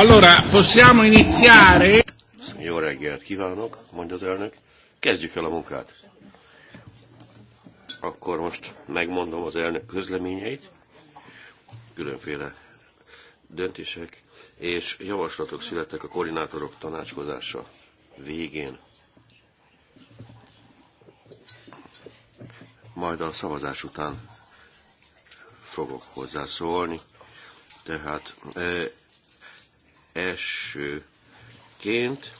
Allora, possiamo iniziare? Jó reggelt kívánok, mondja az elnök. Kezdjük el a munkát. Akkor most megmondom az elnök közleményeit, különféle döntések és javaslatok születtek a koordinátorok tanácskozása végén. Majd a szavazás után fogok hozzászólni. Tehát Elsőként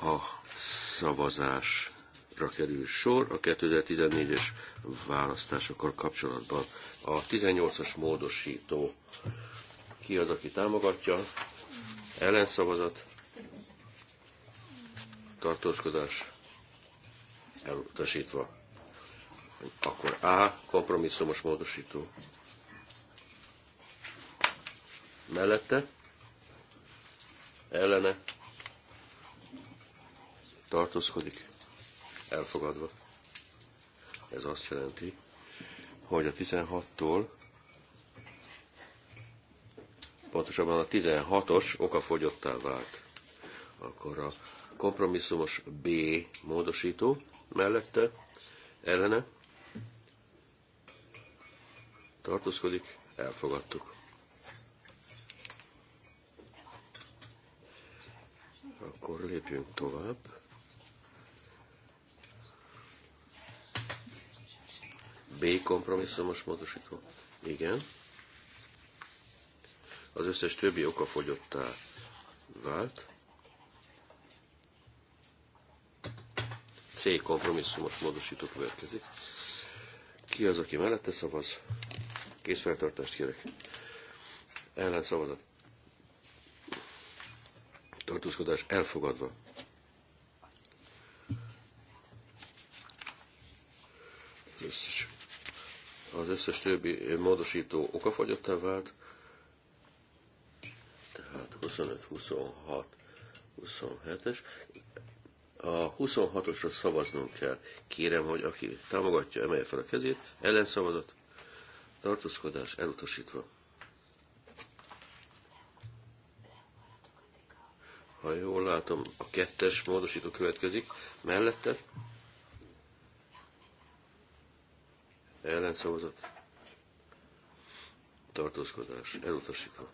a szavazásra kerül sor a 2014-es választásokkal kapcsolatban. A 18-as módosító ki az, aki támogatja, ellenszavazat, tartózkodás elutasítva. Akkor A, kompromisszumos módosító. Mellette ellene tartózkodik, elfogadva. Ez azt jelenti, hogy a 16-tól, pontosabban a 16-os okafogyottá vált. Akkor a kompromisszumos B módosító mellette, ellene tartózkodik, elfogadtuk. Akkor lépjünk tovább. B kompromisszumos módosító. Igen. Az összes többi oka fogyottá vált. C kompromisszumos módosító következik. Ki az, aki mellette szavaz? feltartást kérek. szavazat tartózkodás elfogadva. Összes, az összes többi módosító okafagyottá vált, tehát 25, 26, 27-es. A 26-osra szavaznunk kell. Kérem, hogy aki támogatja, emelje fel a kezét, ellenszavazat, tartózkodás elutasítva. Ha jól látom, a kettes módosító következik mellette. Ellenszavazat. Tartózkodás. Elutasítva.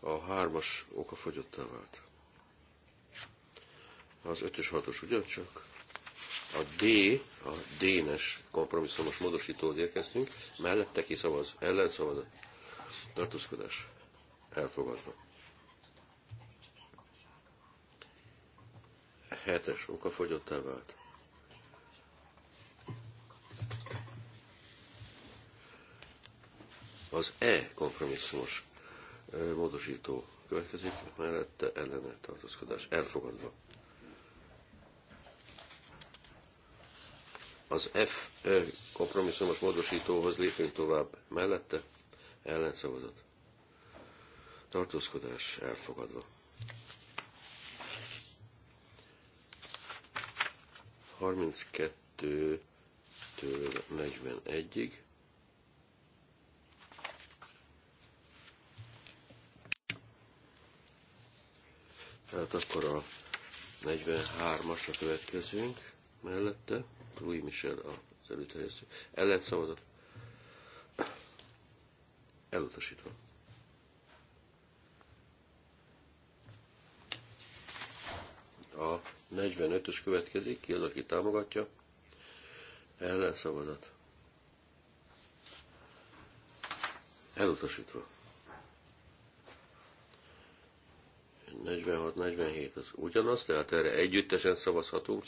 a hármas fogyottá vált. Az ötös hatos ugyancsak. A D, a D-nes kompromisszumos módosítót érkeztünk, mellette kiszavaz, ellenszavaz, tartózkodás elfogadva. Hetes oka fogyottá vált. Az E kompromisszumos módosító következik, mellette ellene tartózkodás elfogadva. Az F kompromisszumos módosítóhoz lépünk tovább. Mellette ellenszavazat. Tartózkodás elfogadva. 32-től 41-ig. Tehát akkor a 43-asra következünk mellette, Rui Michel az előterjesztő, el lehet szavazott, elutasítva. A 45-ös következik, ki az, aki támogatja, Ellen szavazat. Elutasítva. 46-47 az ugyanaz, tehát erre együttesen szavazhatunk.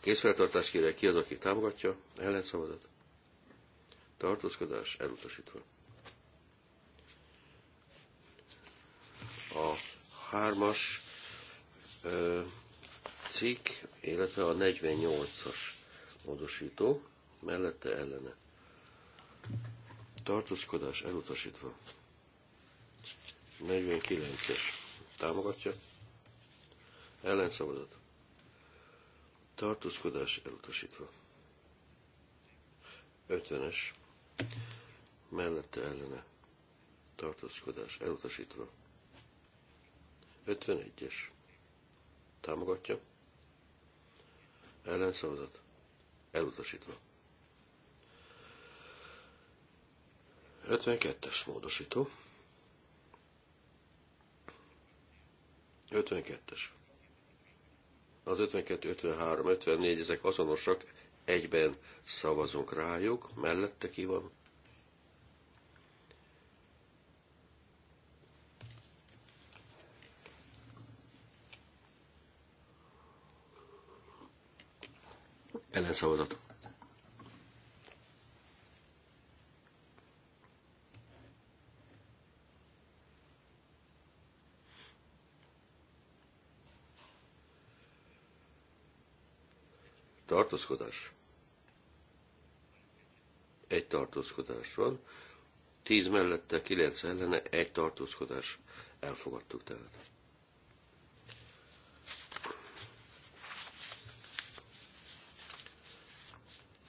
Készfeltartás kérek ki az, aki támogatja, ellenszavazat. Tartózkodás elutasítva. A hármas ö, cikk, illetve a 48-as módosító, mellette ellene. Tartózkodás elutasítva. 49-es támogatja. Ellenszavazat tartózkodás elutasítva. 50-es mellette ellene tartózkodás elutasítva. 51-es támogatja, ellenszavazat elutasítva. 52-es módosító. 52-es az 52, 53, 54, ezek azonosak, egyben szavazunk rájuk, mellette ki van. Ellenszavazat. tartózkodás. Egy tartózkodás van. Tíz mellette, kilenc ellene, egy tartózkodás. Elfogadtuk tehát.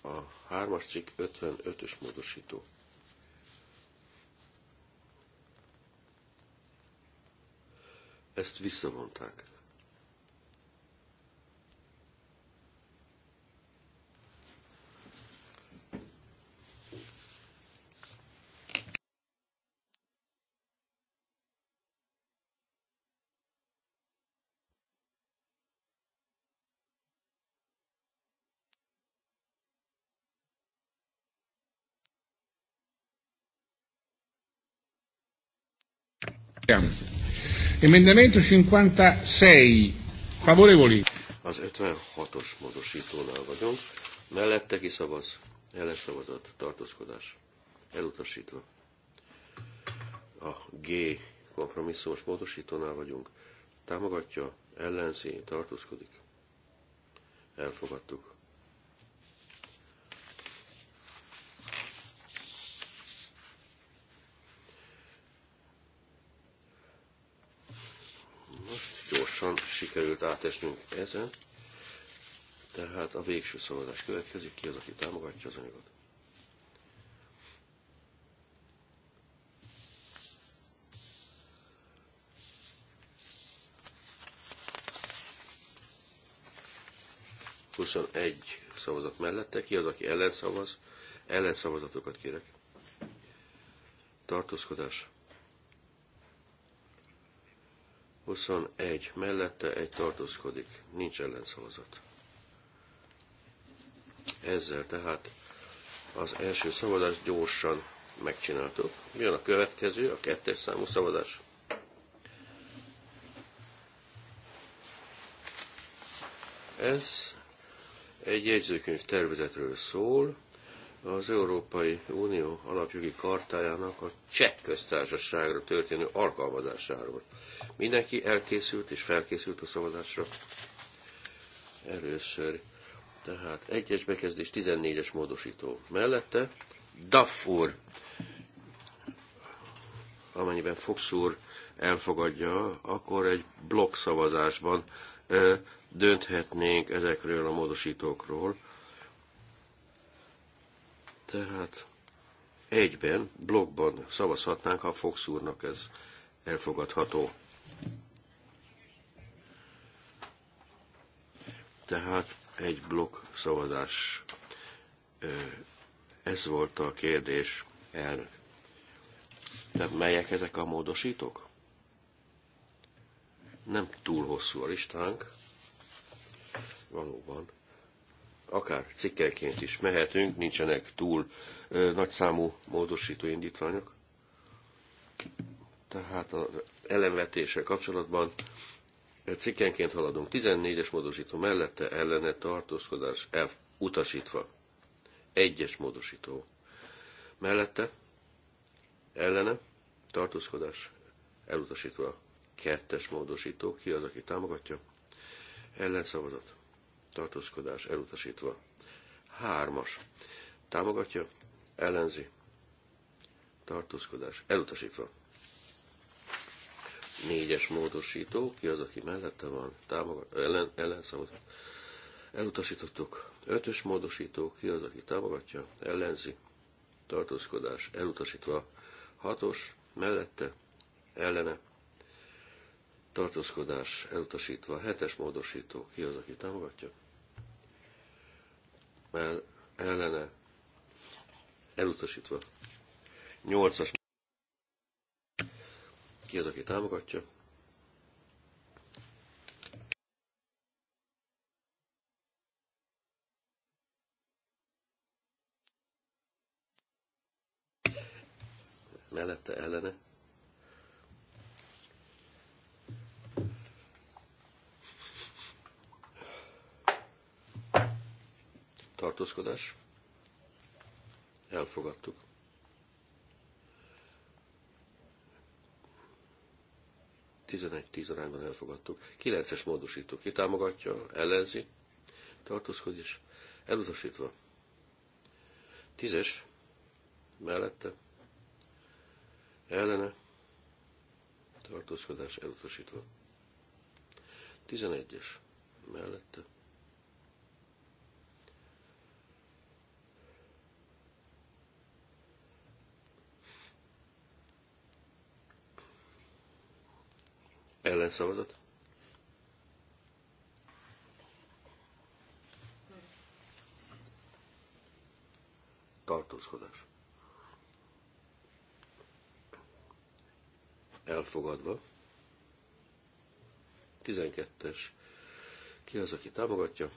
A hármas cikk 55-ös módosító. Ezt visszavonták. Emendamento 56. Favorevoli. Az 56-os módosítónál vagyunk. Mellette kiszavaz. Ellenszavazat. Tartózkodás. Elutasítva. A G kompromisszós módosítónál vagyunk. Támogatja, ellenzi, tartózkodik. Elfogadtuk. sikerült átesnünk ezen. Tehát a végső szavazás következik, ki az, aki támogatja az anyagot. egy szavazat mellette, ki az, aki ellenszavaz, ellenszavazatokat kérek. Tartózkodás 21 mellette egy tartózkodik, nincs ellenszavazat. Ezzel tehát az első szavazás gyorsan megcsináltuk. Jön a következő, a kettes számú szavazás. Ez egy jegyzőkönyv tervezetről szól, az Európai Unió alapjogi kartájának a cseh köztársaságra történő alkalmazásáról. Mindenki elkészült és felkészült a szavazásra? Először. Tehát egyes bekezdés 14-es módosító. Mellette Daffur, amennyiben Fox úr elfogadja, akkor egy blokk szavazásban ö, dönthetnénk ezekről a módosítókról tehát egyben, blogban szavazhatnánk, ha Fox úrnak ez elfogadható. Tehát egy blokk szavazás. Ez volt a kérdés, elnök. Tehát melyek ezek a módosítók? Nem túl hosszú a listánk. Valóban akár cikkelként is mehetünk, nincsenek túl ö, nagyszámú módosító indítványok. Tehát az elemvetéssel kapcsolatban cikkenként haladunk. 14-es módosító mellette ellene tartózkodás F utasítva. Egyes módosító mellette ellene tartózkodás elutasítva. Kettes módosító. Ki az, aki támogatja? Ellenszavazat tartózkodás elutasítva. Hármas. Támogatja, ellenzi, tartózkodás elutasítva. Négyes módosító, ki az, aki mellette van, támogat, ellen, ellenszavaz. Elutasítottuk. Ötös módosító, ki az, aki támogatja, ellenzi, tartózkodás elutasítva. Hatos, mellette, ellene, tartózkodás elutasítva, hetes módosító, ki az, aki támogatja? El, ellene, elutasítva, nyolcas, ki az, aki támogatja? Mellette, ellene, tartózkodás, elfogadtuk. Tizenegy tíz arányban elfogadtuk. Kilences módosító kitámogatja, ellenzi, tartózkodás, elutasítva. Tízes, mellette, ellene, tartózkodás elutasítva. Tizenegyes, mellette, ellenszavazat. Tartózkodás. Elfogadva. 12-es. Ki az, aki támogatja?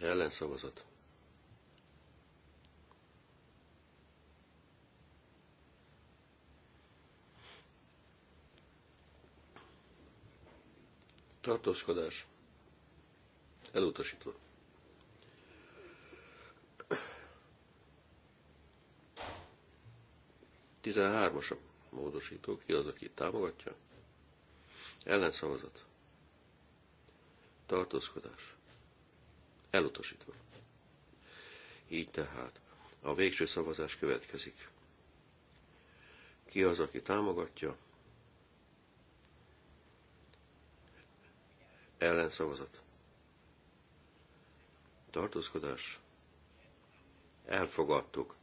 Ellenszavazat. tartózkodás elutasítva. Tizenhármas a módosító, ki az, aki támogatja? Ellenszavazat. Tartózkodás. Elutasítva. Így tehát a végső szavazás következik. Ki az, aki támogatja? ellenszavazat, tartózkodás, elfogadtuk.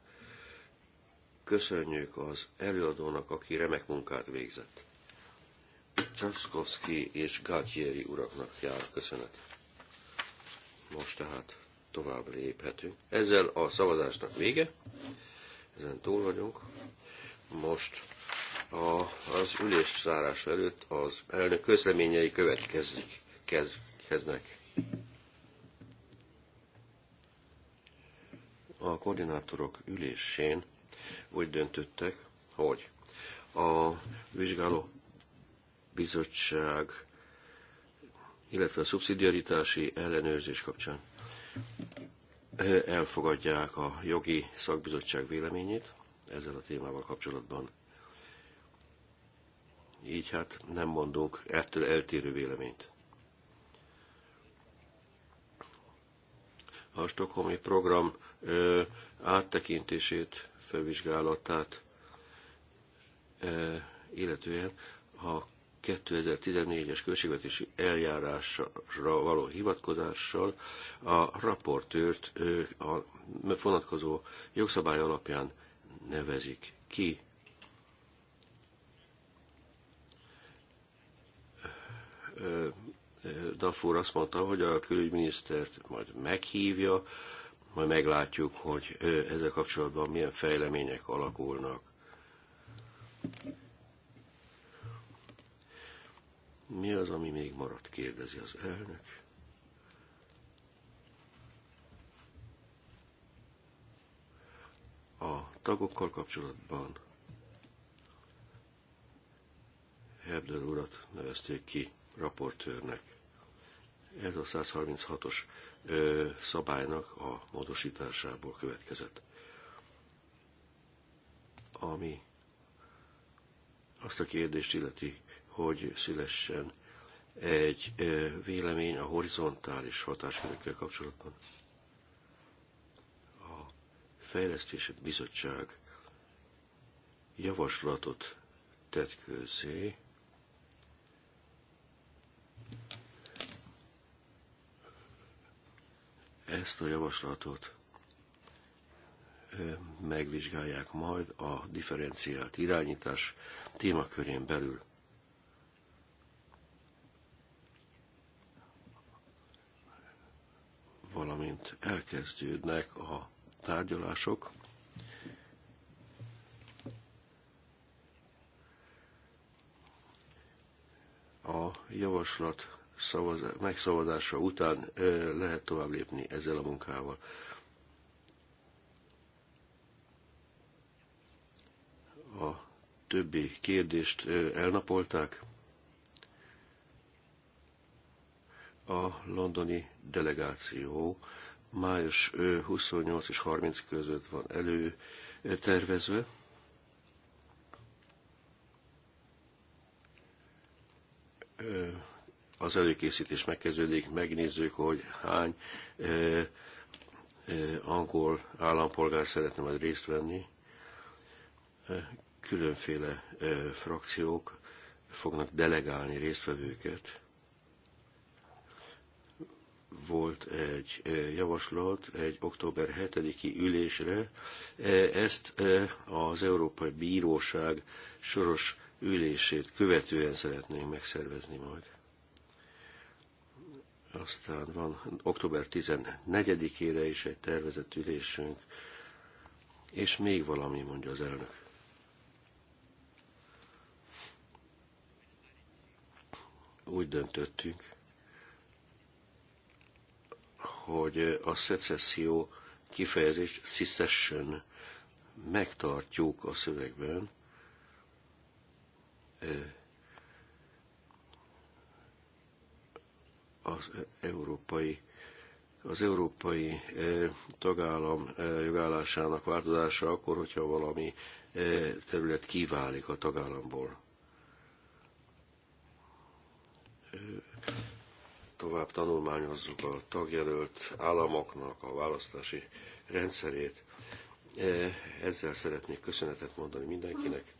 Köszönjük az előadónak, aki remek munkát végzett. Csaszkowski és Gatieri uraknak jár köszönet. Most tehát tovább léphetünk. Ezzel a szavazásnak vége, ezen túl vagyunk. Most a, az ülés zárása előtt az elnök közleményei következik kezdnek A koordinátorok ülésén úgy döntöttek, hogy a vizsgáló bizottság, illetve a szubszidiaritási ellenőrzés kapcsán eh, elfogadják a jogi szakbizottság véleményét ezzel a témával kapcsolatban. Így hát nem mondunk ettől eltérő véleményt. a stokholmi program áttekintését, felvizsgálatát illetően a 2014-es költségvetési eljárásra való hivatkozással a raportőrt a vonatkozó jogszabály alapján nevezik ki. Dafur azt mondta, hogy a külügyminisztert majd meghívja, majd meglátjuk, hogy ezzel kapcsolatban milyen fejlemények alakulnak. Mi az, ami még maradt, kérdezi az elnök. a tagokkal kapcsolatban Hebdel urat nevezték ki raportőrnek. Ez a 136-os szabálynak a módosításából következett. Ami azt a kérdést illeti, hogy szülessen egy vélemény a horizontális hatáskörökkel kapcsolatban. A Fejlesztési Bizottság javaslatot tett közé Ezt a javaslatot megvizsgálják majd a differenciált irányítás témakörén belül. valamint elkezdődnek a tárgyalások. A javaslat szavazá, megszavazása után lehet tovább lépni ezzel a munkával. A többi kérdést elnapolták. A londoni delegáció május 28 és 30 között van elő tervezve az előkészítés megkezdődik, megnézzük, hogy hány e, e, angol állampolgár szeretne majd részt venni. Különféle e, frakciók fognak delegálni résztvevőket. Volt egy javaslat egy október 7-i ülésre. Ezt az Európai Bíróság soros ülését követően szeretnénk megszervezni majd. Aztán van október 14-ére is egy tervezett ülésünk, és még valami, mondja az elnök. Úgy döntöttünk, hogy a szecesszió kifejezést secession megtartjuk a szövegben, az európai az európai e, tagállam e, jogállásának változása akkor, hogyha valami e, terület kiválik a tagállamból. Tovább tanulmányozzuk a tagjelölt államoknak a választási rendszerét. Ezzel szeretnék köszönetet mondani mindenkinek.